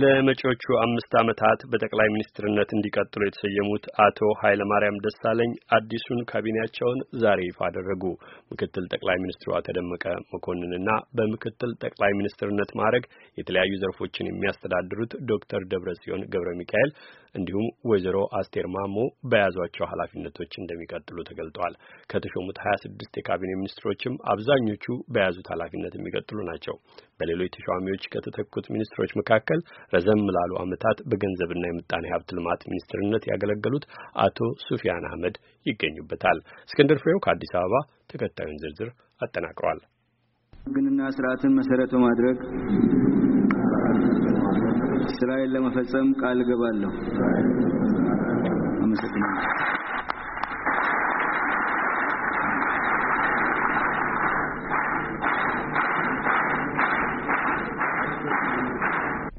ለመጪዎቹ አምስት ዓመታት በጠቅላይ ሚኒስትርነት እንዲቀጥሉ የተሰየሙት አቶ ኃይለማርያም ደሳለኝ አዲሱን ካቢኔያቸውን ዛሬ ይፋ አደረጉ። ምክትል ጠቅላይ ሚኒስትሩ አቶ ደመቀ መኮንንና በምክትል ጠቅላይ ሚኒስትርነት ማዕረግ የተለያዩ ዘርፎችን የሚያስተዳድሩት ዶክተር ደብረጽዮን ገብረ ሚካኤል እንዲሁም ወይዘሮ አስቴር ማሞ በያዟቸው ኃላፊነቶች እንደሚቀጥሉ ተገልጧል። ከተሾሙት ሀያ ስድስት የካቢኔ ሚኒስትሮችም አብዛኞቹ በያዙት ኃላፊነት የሚቀጥሉ ናቸው። በሌሎች ተሿሚዎች ከተተኩት ሚኒስትሮች መካከል ረዘም ላሉ ዓመታት በገንዘብና የምጣኔ ሀብት ልማት ሚኒስትርነት ያገለገሉት አቶ ሱፊያን አህመድ ይገኙበታል። እስክንድር ፍሬው ከአዲስ አበባ ተከታዩን ዝርዝር አጠናቅሯል። ሕግንና ስርዓትን መሰረት በማድረግ ስራዬን ለመፈጸም ቃል እገባለሁ። አመሰግናለሁ።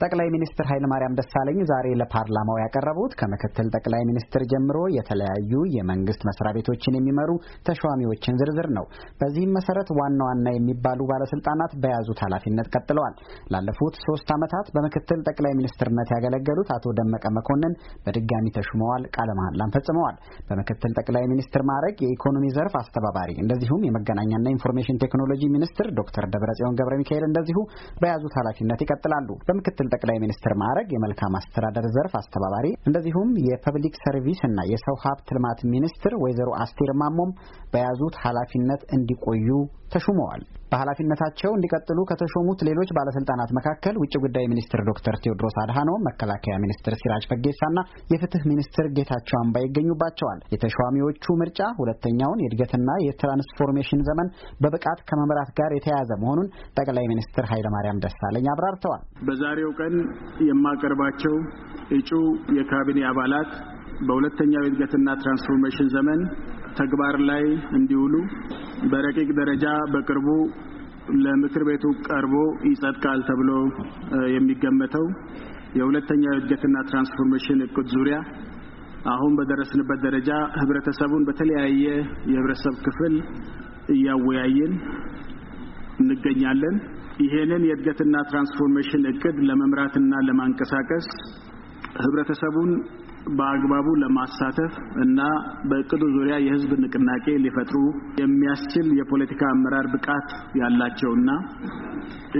ጠቅላይ ሚኒስትር ኃይለማርያም ደሳለኝ ዛሬ ለፓርላማው ያቀረቡት ከምክትል ጠቅላይ ሚኒስትር ጀምሮ የተለያዩ የመንግስት መስሪያ ቤቶችን የሚመሩ ተሿሚዎችን ዝርዝር ነው። በዚህም መሰረት ዋና ዋና የሚባሉ ባለስልጣናት በያዙት ኃላፊነት ቀጥለዋል። ላለፉት ሶስት ዓመታት በምክትል ጠቅላይ ሚኒስትርነት ያገለገሉት አቶ ደመቀ መኮንን በድጋሚ ተሹመዋል፣ ቃለ መሐላም ፈጽመዋል። በምክትል ጠቅላይ ሚኒስትር ማዕረግ የኢኮኖሚ ዘርፍ አስተባባሪ እንደዚሁም የመገናኛና ኢንፎርሜሽን ቴክኖሎጂ ሚኒስትር ዶክተር ደብረጽዮን ገብረ ሚካኤል እንደዚሁ በያዙት ኃላፊነት ይቀጥላሉ። በምክትል በምክትል ጠቅላይ ሚኒስትር ማዕረግ የመልካም አስተዳደር ዘርፍ አስተባባሪ እንደዚሁም የፐብሊክ ሰርቪስ እና የሰው ሀብት ልማት ሚኒስትር ወይዘሮ አስቴር ማሞም በያዙት ኃላፊነት እንዲቆዩ ተሹመዋል። በኃላፊነታቸው እንዲቀጥሉ ከተሾሙት ሌሎች ባለስልጣናት መካከል ውጭ ጉዳይ ሚኒስትር ዶክተር ቴዎድሮስ አድሃኖም፣ መከላከያ ሚኒስትር ሲራጅ ፈጌሳና የፍትህ ሚኒስትር ጌታቸው አምባ ይገኙባቸዋል። የተሿሚዎቹ ምርጫ ሁለተኛውን የእድገትና የትራንስፎርሜሽን ዘመን በብቃት ከመምራት ጋር የተያያዘ መሆኑን ጠቅላይ ሚኒስትር ኃይለማርያም ደሳለኝ አብራርተዋል። በዛሬው ቀን የማቀርባቸው እጩ የካቢኔ አባላት በሁለተኛው የእድገትና ትራንስፎርሜሽን ዘመን ተግባር ላይ እንዲውሉ በረቂቅ ደረጃ በቅርቡ ለምክር ቤቱ ቀርቦ ይጸድቃል ተብሎ የሚገመተው የሁለተኛው የእድገትና ትራንስፎርሜሽን እቅድ ዙሪያ አሁን በደረስንበት ደረጃ ህብረተሰቡን በተለያየ የህብረተሰብ ክፍል እያወያየን እንገኛለን። ይሄንን የእድገትና ትራንስፎርሜሽን እቅድ ለመምራትና ለማንቀሳቀስ ህብረተሰቡን በአግባቡ ለማሳተፍ እና በእቅዱ ዙሪያ የህዝብ ንቅናቄ ሊፈጥሩ የሚያስችል የፖለቲካ አመራር ብቃት ያላቸውና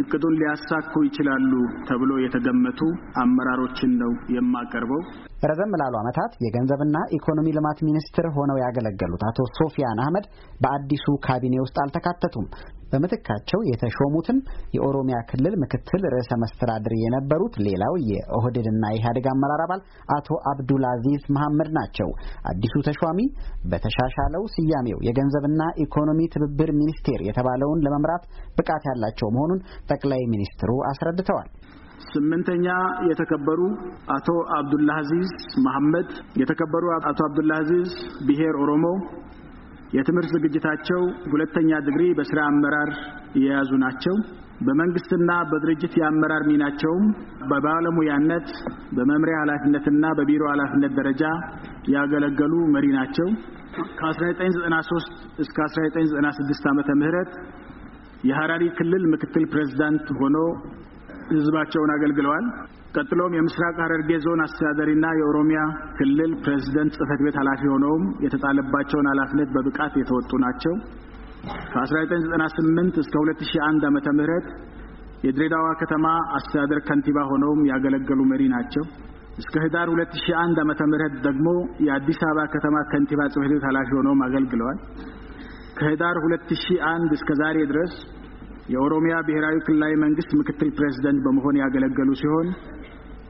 እቅዱን ሊያሳኩ ይችላሉ ተብሎ የተገመቱ አመራሮችን ነው የማቀርበው። ረዘም ላሉ ዓመታት የገንዘብና ኢኮኖሚ ልማት ሚኒስትር ሆነው ያገለገሉት አቶ ሶፊያን አህመድ በአዲሱ ካቢኔ ውስጥ አልተካተቱም። በምትካቸው የተሾሙትን የኦሮሚያ ክልል ምክትል ርዕሰ መስተዳድር የነበሩት ሌላው የኦህድድና ኢህአዴግ አመራር አባል አቶ አብዱል አዚዝ መሐመድ ናቸው። አዲሱ ተሿሚ በተሻሻለው ስያሜው የገንዘብና ኢኮኖሚ ትብብር ሚኒስቴር የተባለውን ለመምራት ብቃት ያላቸው መሆኑን ጠቅላይ ሚኒስትሩ አስረድተዋል። ስምንተኛ የተከበሩ አቶ አብዱላህ አዚዝ መሐመድ የተከበሩ አቶ አብዱላህ አዚዝ ብሔር ኦሮሞ የትምህርት ዝግጅታቸው ሁለተኛ ዲግሪ በስራ አመራር የያዙ ናቸው። በመንግስትና በድርጅት የአመራር ሚናቸውም በባለሙያነት በመምሪያ ኃላፊነትና በቢሮ ኃላፊነት ደረጃ ያገለገሉ መሪ ናቸው። ከ1993 እስከ 1996 ዓመተ ምህረት የሀራሪ ክልል ምክትል ፕሬዝዳንት ሆኖ ህዝባቸውን አገልግለዋል። ቀጥሎም የምስራቅ ሐረርጌ ዞን አስተዳዳሪና የኦሮሚያ ክልል ፕሬዝደንት ጽህፈት ቤት ኃላፊ ሆነውም የተጣለባቸውን ኃላፊነት በብቃት የተወጡ ናቸው። ከ1998 እስከ 2001 ዓ. ም የድሬዳዋ ከተማ አስተዳደር ከንቲባ ሆነውም ያገለገሉ መሪ ናቸው። እስከ ህዳር 2001 ዓ. ም ደግሞ የአዲስ አበባ ከተማ ከንቲባ ጽህፈት ቤት ኃላፊ ሆነውም አገልግለዋል። ከህዳር 2001 እስከ ዛሬ ድረስ የኦሮሚያ ብሔራዊ ክልላዊ መንግስት ምክትል ፕሬዝደንት በመሆን ያገለገሉ ሲሆን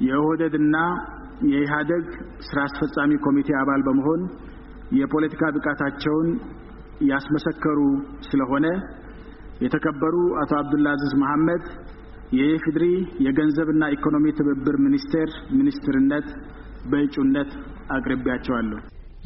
የኦህደድና የኢህአደግ ስራ አስፈጻሚ ኮሚቴ አባል በመሆን የፖለቲካ ብቃታቸውን ያስመሰከሩ ስለሆነ የተከበሩ አቶ አብዱላ አዚዝ መሐመድ የኢፌዴሪ የገንዘብና ኢኮኖሚ ትብብር ሚኒስቴር ሚኒስትርነት በእጩነት አቅርቤያቸዋለሁ።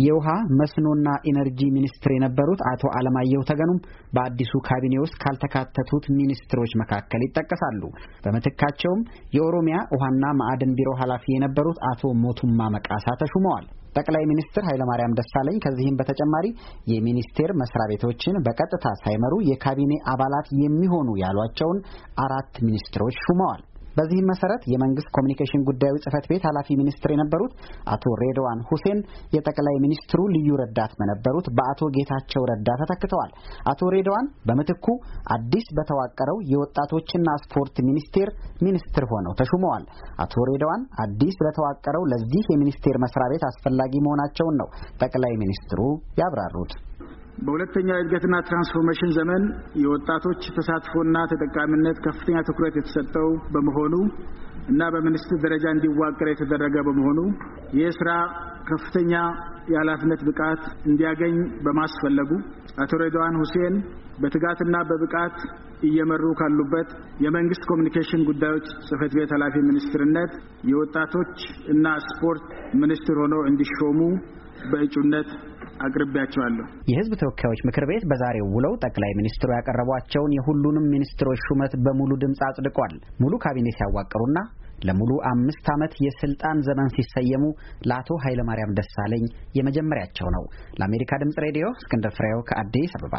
የውሃ መስኖና ኢነርጂ ሚኒስትር የነበሩት አቶ አለማየሁ ተገኑም በአዲሱ ካቢኔ ውስጥ ካልተካተቱት ሚኒስትሮች መካከል ይጠቀሳሉ። በምትካቸውም የኦሮሚያ ውሃና ማዕድን ቢሮ ኃላፊ የነበሩት አቶ ሞቱማ መቃሳ ተሹመዋል። ጠቅላይ ሚኒስትር ኃይለማርያም ደሳለኝ ከዚህም በተጨማሪ የሚኒስቴር መስሪያ ቤቶችን በቀጥታ ሳይመሩ የካቢኔ አባላት የሚሆኑ ያሏቸውን አራት ሚኒስትሮች ሹመዋል። በዚህም መሰረት የመንግስት ኮሚኒኬሽን ጉዳዩ ጽህፈት ቤት ኃላፊ ሚኒስትር የነበሩት አቶ ሬድዋን ሁሴን የጠቅላይ ሚኒስትሩ ልዩ ረዳት በነበሩት በአቶ ጌታቸው ረዳ ተተክተዋል። አቶ ሬድዋን በምትኩ አዲስ በተዋቀረው የወጣቶችና ስፖርት ሚኒስቴር ሚኒስትር ሆነው ተሹመዋል። አቶ ሬድዋን አዲስ ለተዋቀረው ለዚህ የሚኒስቴር መስሪያ ቤት አስፈላጊ መሆናቸውን ነው ጠቅላይ ሚኒስትሩ ያብራሩት። በሁለተኛው የእድገትና ትራንስፎርሜሽን ዘመን የወጣቶች ተሳትፎና ተጠቃሚነት ከፍተኛ ትኩረት የተሰጠው በመሆኑ እና በሚኒስትር ደረጃ እንዲዋቀር የተደረገ በመሆኑ ይህ ስራ ከፍተኛ የኃላፊነት ብቃት እንዲያገኝ በማስፈለጉ አቶ ሬድዋን ሁሴን በትጋትና በብቃት እየመሩ ካሉበት የመንግስት ኮሚኒኬሽን ጉዳዮች ጽህፈት ቤት ኃላፊ ሚኒስትርነት የወጣቶች እና ስፖርት ሚኒስትር ሆነው እንዲሾሙ በእጩነት አቅርቤያቸዋለሁ። የህዝብ ተወካዮች ምክር ቤት በዛሬው ውለው ጠቅላይ ሚኒስትሩ ያቀረቧቸውን የሁሉንም ሚኒስትሮች ሹመት በሙሉ ድምፅ አጽድቋል። ሙሉ ካቢኔ ሲያዋቅሩና ለሙሉ አምስት ዓመት የስልጣን ዘመን ሲሰየሙ ለአቶ ኃይለማርያም ደሳለኝ የመጀመሪያቸው ነው። ለአሜሪካ ድምጽ ሬዲዮ እስክንድር ፍሬው ከአዲስ አበባ